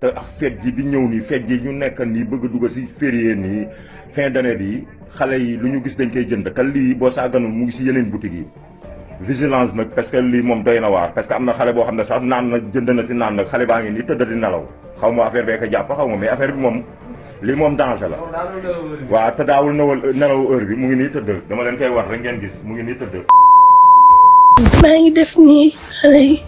te ak fête ji di ñëw nii fête ji ñu nekk nii bëgg a dugg si férié nii fin d'année bi xale yi lu ñu gis dañ koy jënd te lii boo saaganul mu ngi si yeneen boutique yi vigilance nag parce que lii moom doy na waar parce que am na xale boo xam ne sax naan na jënd na si naan nag xale baa ngi nii tëdd di nelaw xaw ma affaire bee ko jàpp xaw ma mais affaire bi moom lii moom danger la waaw te daawul nawal nelaw heure bi mu ngi nii tëdd dama leen koy war rek ngeen gis mu ngi nii tëdd maa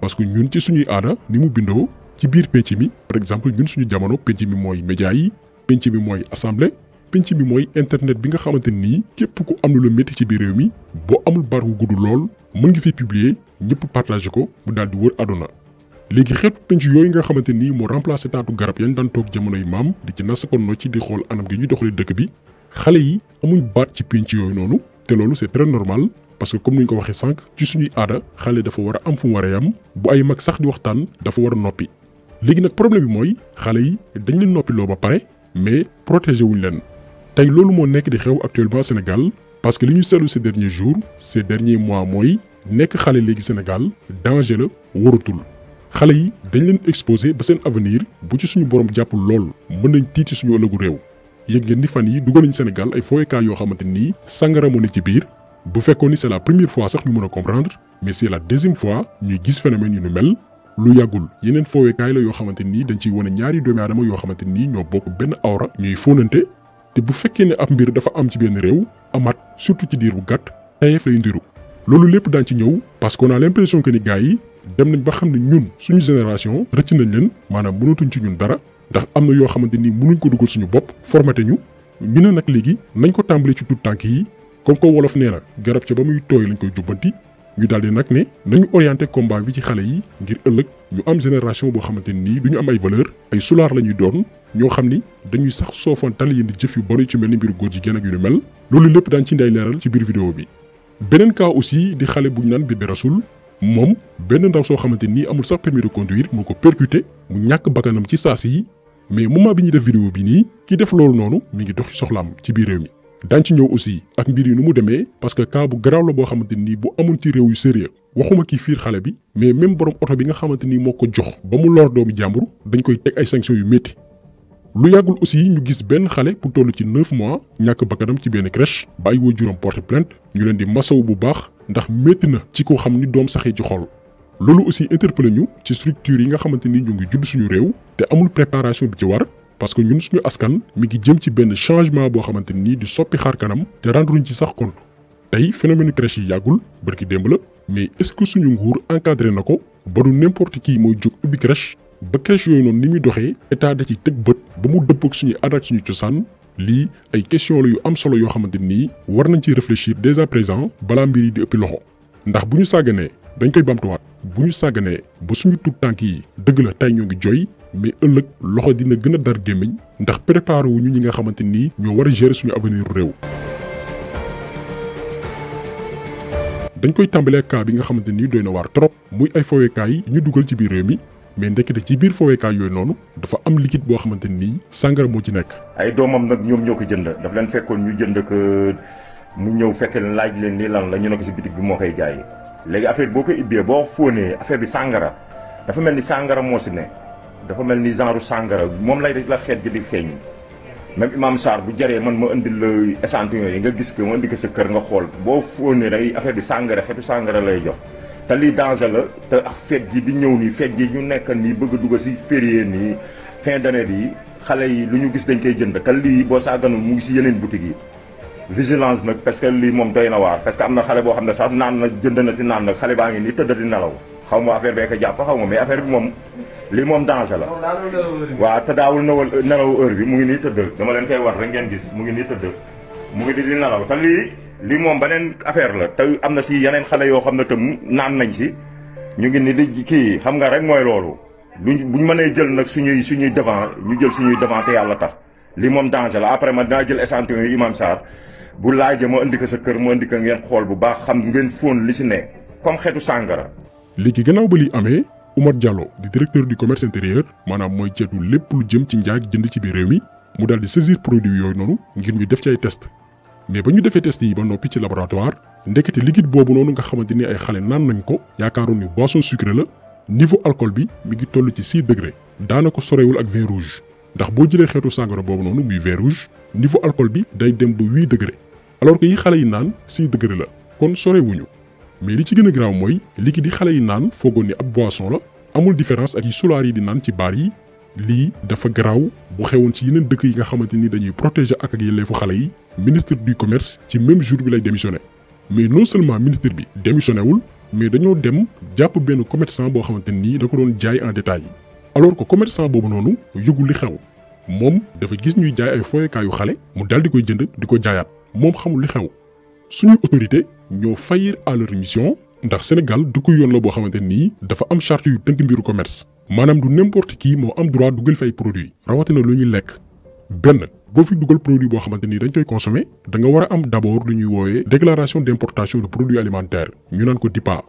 parce que ñun ci suñuy aada ni mu bindoo ci biir penc mi par exemple ñun suñu jamono penc mi mooy média yi penc mi mooy assemblée penc mi mooy internet bi nga xamante nii képp ku am lu la métti ci biir réew mi boo amul bar wu gudd lool mën ngi fi publier ñëpp partagé ko mu daal di wër àdduna léegi xeetu penc yooyu nga xamante nii moo remplacé taatu garab yañ daan toog jamonoy maam di ci nasakoon ci di xool anam gi ñuy doxalee dëkk bi xale yi amuñ baat ci penc yooyu noonu te loolu c'est très parce que comme ni ñu ko waxee sànq ci suñu ada xalé dafa wara am fu wara yam bu ay mag sax di waxtan dafa wara nopi noppi nak problème bi moy xalé yi dañ leen lo ba paré mais protéger wuñ leen tay lolu mo nek di xew actuellement Sénégal parce que li ñu ces derniers jours ces derniers mois moy nek xalé léegi Sénégal danger la waratul xale yi dañ leen exposé ba seen avenir bu ci suñu borom jàppul lool mën nañ titi suñu ëllëgu réew yëg ngeen ni fan yi dugal nañ Sénégal ay foyé ka yo xamanteni sàngara moo ne ci biir bu fekkoon c'est la première fois sax ñu mëna comprendre mais c'est la deuxième fois ñu gis phénomène yu ñu mel lu yàggul yeneen kay la yo xamante dañ ci wone ñaari doomi aadama yoo xamante nii ñoo bokk ben awra ñuy fóonante té bu fekkee ne ab mbir dafa am ci ben réew amat surtout ci diir bu gatt tayef lay ndiru lolu lépp dañ ci ñëw parce qu'on a l'impression que ni gaay yi dem nañ ba xam ñun suñu génération rëcc nañ leen maanaam mënatuñ ci ñun dara ndax amna yo yoo mënuñ ko duggal suñu bop formaté ñu ñu nak légui nañ ko tambalé ci tout temps yi comme que wolof nee na garab ca ba muy tooy lañ koy jubbanti ñu daal nag ne nañu orienté combat bi ci xale yi ngir ëllëg ñu am génération boo xamante nii du ñu am ay valeur ay sulaar la ñuy doon ñoo xam ni dañuy sax soofantal yéen di jëf yu bon ci mel ni mbiru góor jigéen ak yu ni mel loolu lépp daan ci nday leeral ci biir vidéo bi beneen cas aussi di xale bu ñu naan Bébé Rassoul moom benn ndaw soo xamante nii amul sax permis de moo ko percuté mu ñàkk bakkanam ci saasi yi mais moment bi ñuy def vidéo bi nii ki def loolu noonu mi ngi dox ci soxlaam ci biir réew mi daañ ci ñëw aussi ak mbir yi nu mu demee parce que cas bu garaaw la boo xamante ni bu amoon ci réew yu sérieux waxuma kii fiir xale bi mais même borom oto bi nga xamante ni moo ko jox ba mu lor doomu jàmbur dañ koy teg ay sanctions yu métti lu yàggul aussi ñu gis benn xale bu toll ci neuf mois ñàkk bakkanam ci benn crèche ba ay waajuram porte plainte ñu leen di masawu bu baax ndax métti na ci koo xam ni doom saxee ci xol loolu aussi interpellé ñu ci structure yi nga xamante ni ñu ngi judd suñu réew te amul préparation bi ci war parce que ñun suñu askan mu ngi jëm ci benn changement boo xamante nii di soppi xaar kanam te rendruñ ci sax compte tey phénomène crèche yi yàggul ki démb la mais est suñu nguur encadré na ko ba du n'importe qui mooy jóg ubbi crèche ba crèche yooyu noonu ni muy doxee état da ci teg bët ba mu dëpp ak suñuy aada ak suñu cosaan lii ay question la yu am solo yoo xamante nii war nañ ciy réfléchir dès à présent balaa mbir yi di ëppi loxo ndax bu ñu sàgganee dañ koy bamtuwaat bu ñu sàgganee ba suñu tuut tànk yi dëgg la tey ñoo ngi jooy mais ëllëg loxo dina gën a dar gémmiñ ndax préparé wuñu ñi nga xamante nii ñoo war a gérer suñu avenir réew dañ koy tàmbalee bi nga xamante nii doy na waar trop muy ay foweekaay yi ñu dugal ci biir réew mi mais ndekete ci biir foweekaay yooyu noonu dafa am liquide boo xamante nii sàngara moo ci nekk ay doomam nag ñoom ñoo ko jënd daf leen fekkoon ñu jënd ko mu ñëw fekk leen laaj leen lii lan la ñu ne ko ci bitig bi moo koy jaay léegi affaire boo ko ibbee boo fóonee affaire bi sàngara dafa mel ni sàngara moo si ne dafa mel ni genre sangara moom lay la xeet gi di feeñ même Imam Sarr bu jaree man ma indi la échantillon yi nga gis ko ma indi ko sa kër nga xool boo fóonee day affaire bi sàngara xeetu sàngara lay jox te lii danger la te ak feet ji bi ñëw nii fête gi ñu nekk nii bëgg a dugg si férié nii fin d'année bi xale yi lu ñu gis dañ koy jënd te lii boo saaganul mu ngi si yeneen boutique yi vigilance nag parce que lii moom doy na waar parce que am na xale boo xam ne sax naan na jënd na si naan xale baa ngi nii tëdd di nelaw xaw ma affaire bee ko jàpp xaw ma mais affaire bi mom li mom danger la wa ta dawul nawal nalaw heure bi mu ngi ni teud dama len fay war rek ngeen gis mu ngi ni teud mu ngi di nalaw ta li li mom benen affaire la te amna ci yenen xalé yo xamna xam ne tam naan nañ ci ñu ngi ni di ki xam nga rek moy lolu buñ mënee jël nak suñuy suñuy devant ñu jël suñuy devant te yalla tax li mom danger la après ma da jël échantillon yi Imam sar bu laaje mo andi ko sa keur mo andi ko ngeen xol bu baax xam ngeen fon li ci ne comme xeetu sangara léegi gannaaw ba li amee Oumar Diallo di directeur du commerce intérieur maanaam mooy ceetu lépp lu jëm ci njaag jënd ci biir réew mi mu daal di saisir produit yooyu noonu ngir ñu def ci ay test mais ba ñu defee test yi ba noppi ci laboratoire ndekete liquide boobu noonu nga xamante ni ay xale naan nañ ko yaakaaroon ni boisson sucrée la niveau alcool bi mi ngi toll ci 6 degré daanaka sorewul ak vin rouge ndax boo jëlee xeetu sàngara boobu noonu muy vin rouge niveau alcool bi day dem ba 8 degré alors que xale yi naan 6 degré la kon sorewuñu mais li ci gëna graw moy mooy liquide yi xale yi naan foogoon ni ab boisson la amul différence ak yi solaar yi di naan ci bar yi li dafa graw bu xewoon ci yeneen dëkk yi nga xamanteni dañuy protéger ak ak yelefu xalé yi ministre du commerce ci même jour bi lay démissionné mais non seulement ministre bi démissionné wul mais dañoo dem japp benn commerçant bo xamanteni nii da ko doon jaay en détail alors que commerçant bobu nonu yu li xew mom dafa gis ñuy jaay ay yu xalé mu dal di koy jënd di ko jaayat mom xamul li xew suñuy autorité ñoo faillir à leur mission ndax Sénégal du yoon la boo xamante nii dafa am charte yu tënk mbiru commerce maanaam du n'importe qui moo am droit dugal fi ay produits rawatina lu ñuy lekk benn boo fi dugal produit boo xamante ni dañ koy consommer da nga war a am d'abord lu ñuy wooyee déclaration d'importation de produits alimentaires ñu naan ko DIPA.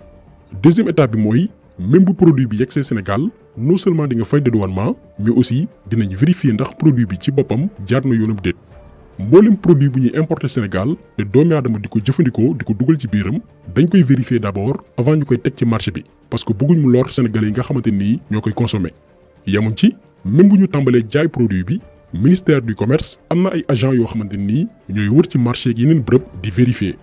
deuxième étape bi mooy même bu produit bi yegsee Sénégal non seulement di nga fay douane, mais aussi dinañ vérifier ndax produit bi ci boppam jaar na yoonam déet. mboolem produit bu ñuy importer Sénégal te doomi aadama di ko jëfandikoo di ko dugal ci biiram dañ koy vérifier d'abord avant ñu koy teg ci marché bi parce que bëgguñ mu lor sénégalais nga xamante nii ñoo koy consommer yemuñ ci même bu ñu tàmbalee jaay produit bi ministère du commerce am na ay agent yoo xamante nii ñooy wër ci marché ak yeneen bërëb di vérifier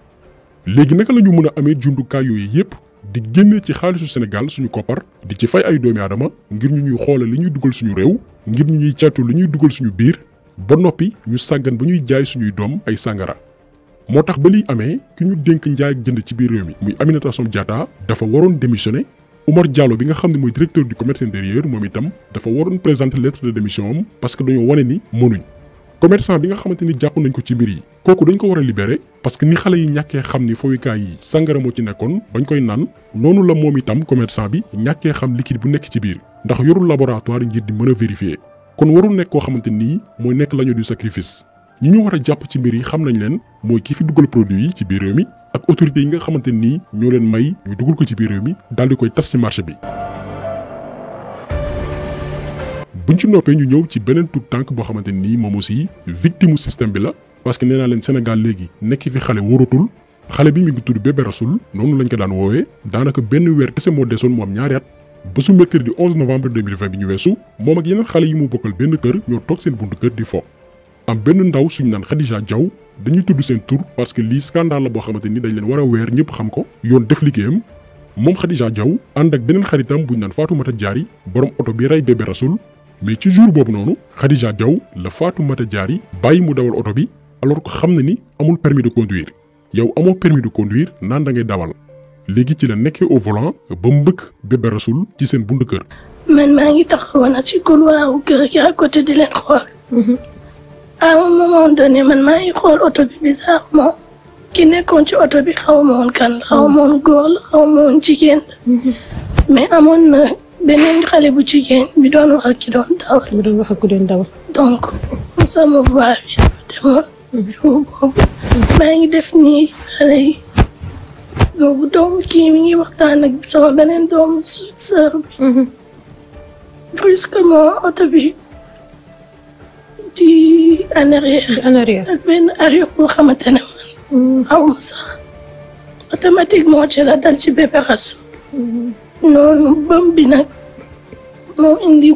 léegi naka la ñu mën a amee jumtukaay yooyu yépp di génne ci xaalisu Sénégal suñu koppar di ci fay ay doomi aadama ngir ñu ñuy xoolal li ñuy dugal suñu réew ngir ñu ñuy càttu li ñuy dugal suñu biir ba noppi ñu sàggan ba ñuy jaay suñuy doom ay sàngara moo tax ba liy amee ki ñu dénk njaay ak jënd ci biir réew mi muy Aminata Assome jata, dafa waroon démissionné omar Diallo bi nga xam ne mooy directeur du commerce intérieur moom itam dafa waroon présenter lettre de démission am parce que dañoo wane ni mënuñ commerçant bi nga xamante ni jàpp nañ ko ci mbir yi kooku dañ ko war a libéré parce que ni xale yi ñàkkee xam ni foyukaay yi sàngara moo ci nekkoon bañ koy naan noonu la moom itam commerçant bi ñàkkee xam liquide bu nekk ci biir ndax yorul laboratoire ngir di mën a vérifier kon waru nek ko xamanteni moy nek lañu du sacrifice ñi ñu wara a ci mbir yi xam nañ leen moy ki fi duggal produit yi ci biir réew mi ak autorité yi nga xamanteni ñoo leen may ñu duggal ko ci biir réew mi dal di koy tass ci marché bi buñ ci noppee ñu ñëw ci benen tout tank bo xamanteni mom aussi victime système bi la parce que néna leen Sénégal légui nek fi xalé warutul xalé bi mi ngi tuddu bébé rasoul nonu lañ ko daan woowee daanaka benn weer kessé mo déssone mom ñaar bésu mercredi 11 novembre 2020 bi ñu weesu moom ak yeneen xale yi mu bokkal benn kër ñoo toog seen buntu kër di fo am benn ndaw suñu naan Khadija jaw dañuy tudd seen tur parce que lii scandale la boo xamante ni dañ leen war a weer ñëpp xam ko yoon def liggéeyam moom Khadija Diaw ànd ak beneen xaritam buñ naan Fatoumata jaari borom oto bi rey bébé Rasoul mais ci jour boobu noonu Khadija Diaw la Fatoumata Diary bàyyi mu dawal oto bi alors que xam na ni amul permis de conduire yow amoo permis de naan da ngay dawal léegi ci la nekkee au volant ba mbëkk bébé rasoul ci sen buntu kër. man maa ngi taxawoon ci couloir wu kër gi à côté di leen xool. Mhm. à un moment donné man maa ngi xool oto bi bizarrement ki nekkoon ci auto bi xaw ma kan xaw ma woon góor la xaw ma woon jigéen mhm. mais amoon benen xalé xale bu jigéen bi doon wax ak ki doon dawal. bi doon wax ak ki doon dawal. donc sama voix bi dafa demoon. Mhm. ngi def ni xalé yi. دوم دوم كيمي وقتانك سواء بنين دوم سربي بريس كما أتبي دي أنا ريح أنا ريح بين أريح وخمة تنوان أو مسخ أتماتيك موجهة دالتي بيبي غسو نون بمبينك mo indi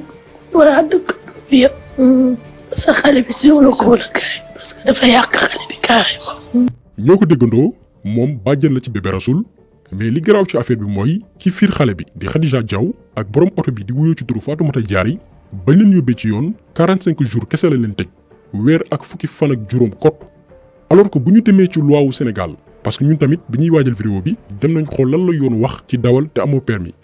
waa dëkk biya parce que xale bi si la ko la gaañ parce que dafa yàq xale bi carrément. ñoo ko déggandoo mom bàjjen la ci bébé Rasoul mais li graw ci affaire bi moy ki fir xalé bi di Khadija Diaw ak borom auto bi di wuyoo ci turu mata Diary bañ leen yóbbee ci yoon 45 jours kese la leen tëj weer ak fukki fan ak juróom kott alors que buñu démé ci loi wu Sénégal parce que ñun tamit biñuy ñuy vidéo bi dem nañ xool lan la yoon wax ci dawal té amo permis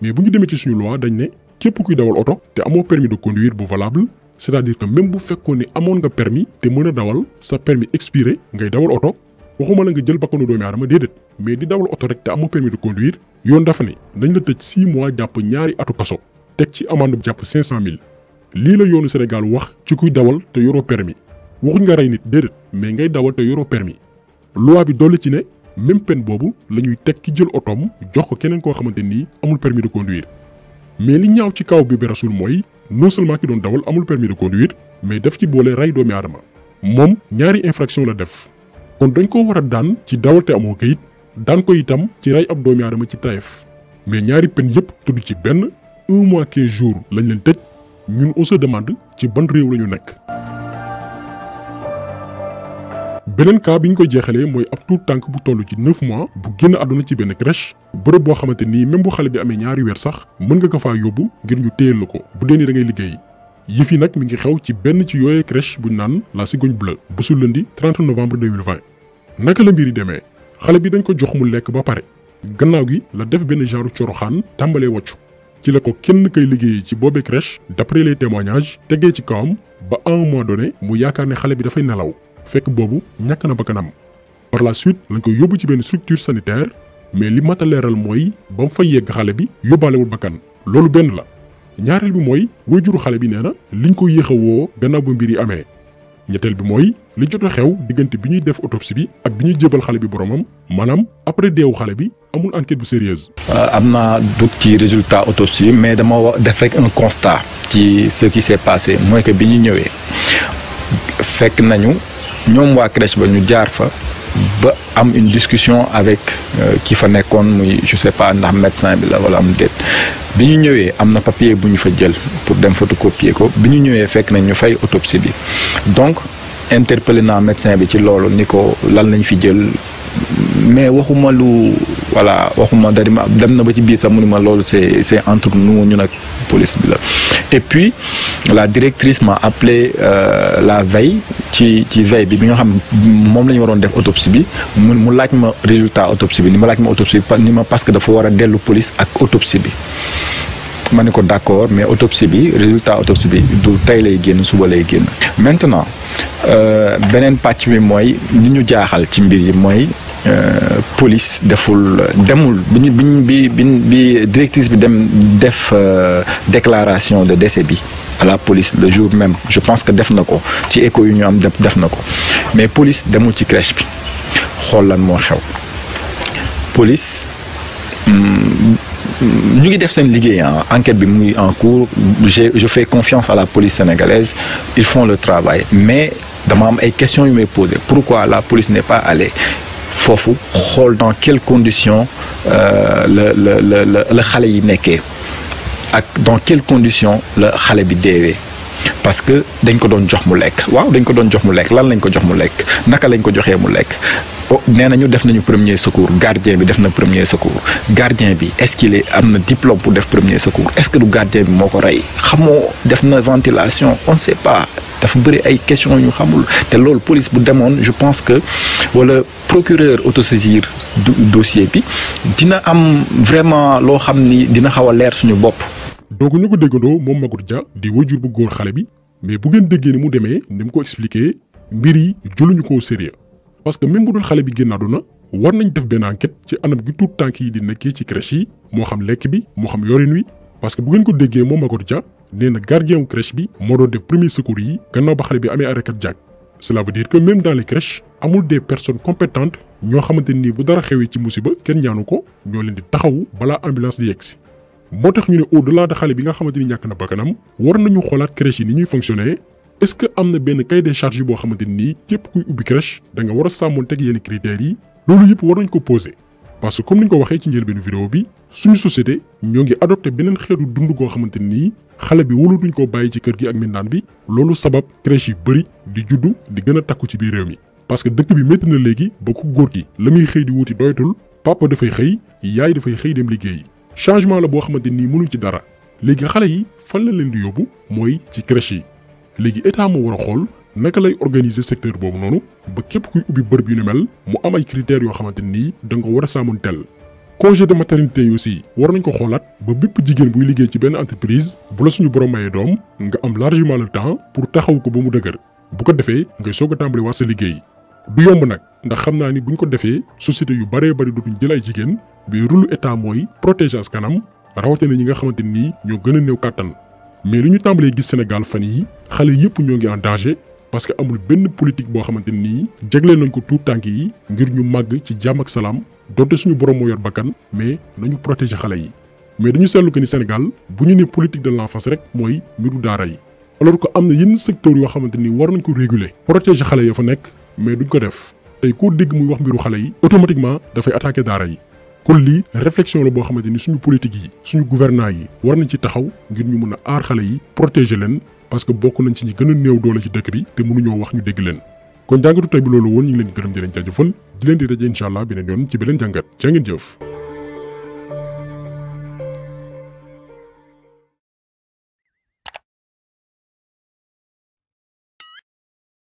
mais buñu démé ci suñu loi dañ né képp kuy dawal auto té amo permis de conduire bu valable c'est-à-dire que même bu fekkone amone nga permis té mëna dawal sa permis expiré ngay dawal auto waxuma la nga jël bakkanu doomi aadama déedéet mais di dawal oto rek te amoo permis de conduire yoon dafa ne dañ la tëj 6 mois jàpp ñaari atu kaso teg ci amande jàpp 500000 lii la yoonu Sénégal wax ci kuy dawal te yoroo permis waxuñ nga rey nit déedéet mais ngay dawal te yoroo permis loi bi dolli ci ne même peine boobu la ñuy teg ki jël otoom jox ko keneen koo xamante ni amul permis de conduire mais li ñaaw ci kaw bi bi rasul mooy non seulement ki doon dawal amul permis de conduire mais daf ci boole rey doomi aadama moom ñaari infraction la def. kon dañ ko war a daan ci dawal te amoo kayit daan ko itam ci rey ab doomi aadama ci Taïf mais ñaari peine yëpp tudd ci benn un mois quinze jours lañ leen tëj ñun ausse demande ci ban réew la ñu nekk. beneen cas bi ñu ko jeexalee mooy ab tuut tànk bu toll ci neuf mois bu génn àdduna ci benn crèche bërëb boo xamante ni même bu xale bi amee ñaari weer sax mën nga ko faa yóbbu ngir ñu téyel la ko bu dee ni da ngay liggéey yëf yi nag mi ngi xew ci benn ci yooyee crèche bu ñu naan la Cigogne Bleue bu su lundi naka la mbiri yi demee xale bi dañ ko jox mu lekk ba pare gannaaw gi la def benn genre coroxaan tàmbalee wàccu ci la ko kenn kay liggéeyee ci boobee crèche d'après les témoignages tegee ci kawam ba un mois donné mu yaakaar ne xale bi dafay nelaw fekk boobu ñàkk na bakkanam par la suite lañ ko yóbbu ci benn structure sanitaire mais li mata a leeral mooy ba mu fay yegg xale bi yóbbaalewul bakkan loolu benn la ñaareel bi mooy wajuru xale bi nee na liñ ko yéex a woo gannaaw ba mbir yi amee ñetteel bi moy li jottu xew digënté bi ñuy def autopsie bi ak biñuy jëbël xalé bi boromam manam après deewu xalé bi amul enquête bu sérieuse euh, amna naa doute ci résultat autopsie mais dama def rek un constat ci ce qui s'est passé mooy que biñu ñëwé fekk nañu ñom wa crèche ba ñu jaar fa ba am une discussion avec qui euh, fa nekkoon je sais pas ndax médecin bi la wala am déet biñu ñëwé amna am na papier buñu fa jël pour dem photocopier ko biñu ñëwé fekk nañ ñu fay autopsie bi donc interpellé naa médecin bi ci lolu niko lan lañ fi jël mais waxuma lu voilà waxuma dari dem na ba ci biir sax mu ni loolu c'est c'est entre nous ñun ak police bi la et puis la directrice m'a appelé euh, la veille ci ci veille bi bi nga xam moom la ñu waroon def autopsie bi mu mu laaj ma résultat autopsie bi ni ma laaj ma autopsie bi ni ma parce que dafa war a dellu police ak autopsie bi ma ne ko d'accord mais autopsie bi résultat autopsie bi du tey lay génn suba lay génn maintenant Euh, beneen pàcc bi mooy li ñu jaaxal ci mbir yi mooy euh, police deful demul bi bi bi bi directrice bi dem def euh, déclaration de décès bi à la police le jour même je pense que def na ko ci écho yu ñu am def na ko mais police demul ci crèche bi xool lan moo xew police. Hmm, nous ngi def une liggéey hein, enquête en cours je je fais confiance à la police sénégalaise ils font le travail mais dama am ay questions yu me pourquoi la police n'est pas allée fofu rôle dans quelles conditions euh, le le le dans quelles conditions le xale bi parce que dañ ko don jox mu lekk waaw dañ ko don jox mu lekk lan lañ ko jox mu lekk naka lañ ko joxee mu nee def nañu premier secours gardien bi def na premier secours gardien bi est-ce qu'il est amna diplôme pour def premier secours est-ce que le gardien bi moko ray rey xamoo def na ventilation on ne sait pas dafa bëri ay question ñu xamul té lool police bu démon je pense que wala procureur autosaisir dossier bi dina am vraiment lo xamni dina xawa a leer suñu bop donc ñu ko déggandoo mom magudja Dia di wajur bu góor xalé bi mais bu ngeen déggé ni mu démé nim ko expliquer mbiri jullu ñu ko sérieux parce que même bu dul xale bi génn àdduna war nañ def ben enquête ci anam gi tout temps yi di nekkee ci crèche yi mo xam lek bi mo xam yori nuit parce que bu ngeen ko déggee moom Magatou Dia nee gardien wu crèche bi moo doon def premier secours yi gannaaw ba xale bi amé arrêt cardiaque cela veut dire que même dans les crèches amul des personnes compétentes ño xamanteni ni bu dara xewé ci musiba ken ñaanu ko ñoo leen di taxaw bala ambulance di yexi motax ñu né au delà de xale bi nga xamanteni ñak na bakanam war nañu xoolaat crèche ni ñuy fonctionner est-ce que amna ben cahier des charges bo xamanteni nii képp kuy ubi crèche da nga wara a sàmmonteeg yenn critères yi lolu yep war nañ ko poser parce que comme niñ ko waxé ci ben vidéo bi suñu société ñoo ngi adopté benen xeetu dund go xamanteni nii xale bi wolu duñ ko bàyyi ci kër gi ak mindan bi lolu sabab crèche yi bari di juddu di gëna takku ci bi réew mi parce que dëkk bi métti na légui bokku góor gi lamuy xëy di wuti doytul papa da fay xëy yaay da fay xëy dem liggéey changement la bo xamanteni nii mënuñ ci dara légui xale yi fan la leen di yóbbu moy ci crèche yi léegi état moo war a xool naka lay organiser secteur boobu noonu ba képp kuy ubbi bërëb yu ne mel mu am ay critères yoo xamante nii da ko war a saamun teel congé de maternité yi aussi war nañ ko xoolaat ba bépp jigéen buy liggéey ci benn entreprise bu la suñu borom mayee doom nga am largement le temps pour taxaw ko ba mu dëgër bu ko defee ngay soog a tàmbali waat sa liggéey du yomb nag ndax xam naa ni buñ ko defee société yu baree bari dootuñ jël ay jigéen mais rôle état mooy protéger askanam rawatina ñi nga xamante nii ñoo gën a néew kàttan mais li ñu tàmbalee gis Sénégal fan yi xale yëpp ñoo ngi en danger parce que amul benn politique boo xamante nii jagleel nañ ko tuut tànk yi ngir ñu màgg ci jàmm ak salaam donte suñu borom moo yor bakkan mais nañu protéger xale yi mais dañu seetlu que ni Sénégal bu ñu ne politique de l'enfance rek mooy mbiru daara yi alors que am na yenn secteurs yoo xamante ni war nañ ko régulé protéger xale yoo fa nekk mais duñ ko def tey koo dégg muy wax mbiru xale yi automatiquement dafay attaquer daara yi kon lii réflexion la boo xamante ni suñu politique yi suñu gouvernants yi war nañ ci taxaw ngir ñu mën a aar xale yi protéger leen parce que bokk nañ ci ñi gën a néew doole ci dëkk bi te mënuñoo wax ñu dégg leen kon jàngatu tey bi loolu woon ñu ngi leen gërëm di leen jaajëfal di leen di daje incha allah beneen yoon ci beneen jàngat jaa ngeen jëf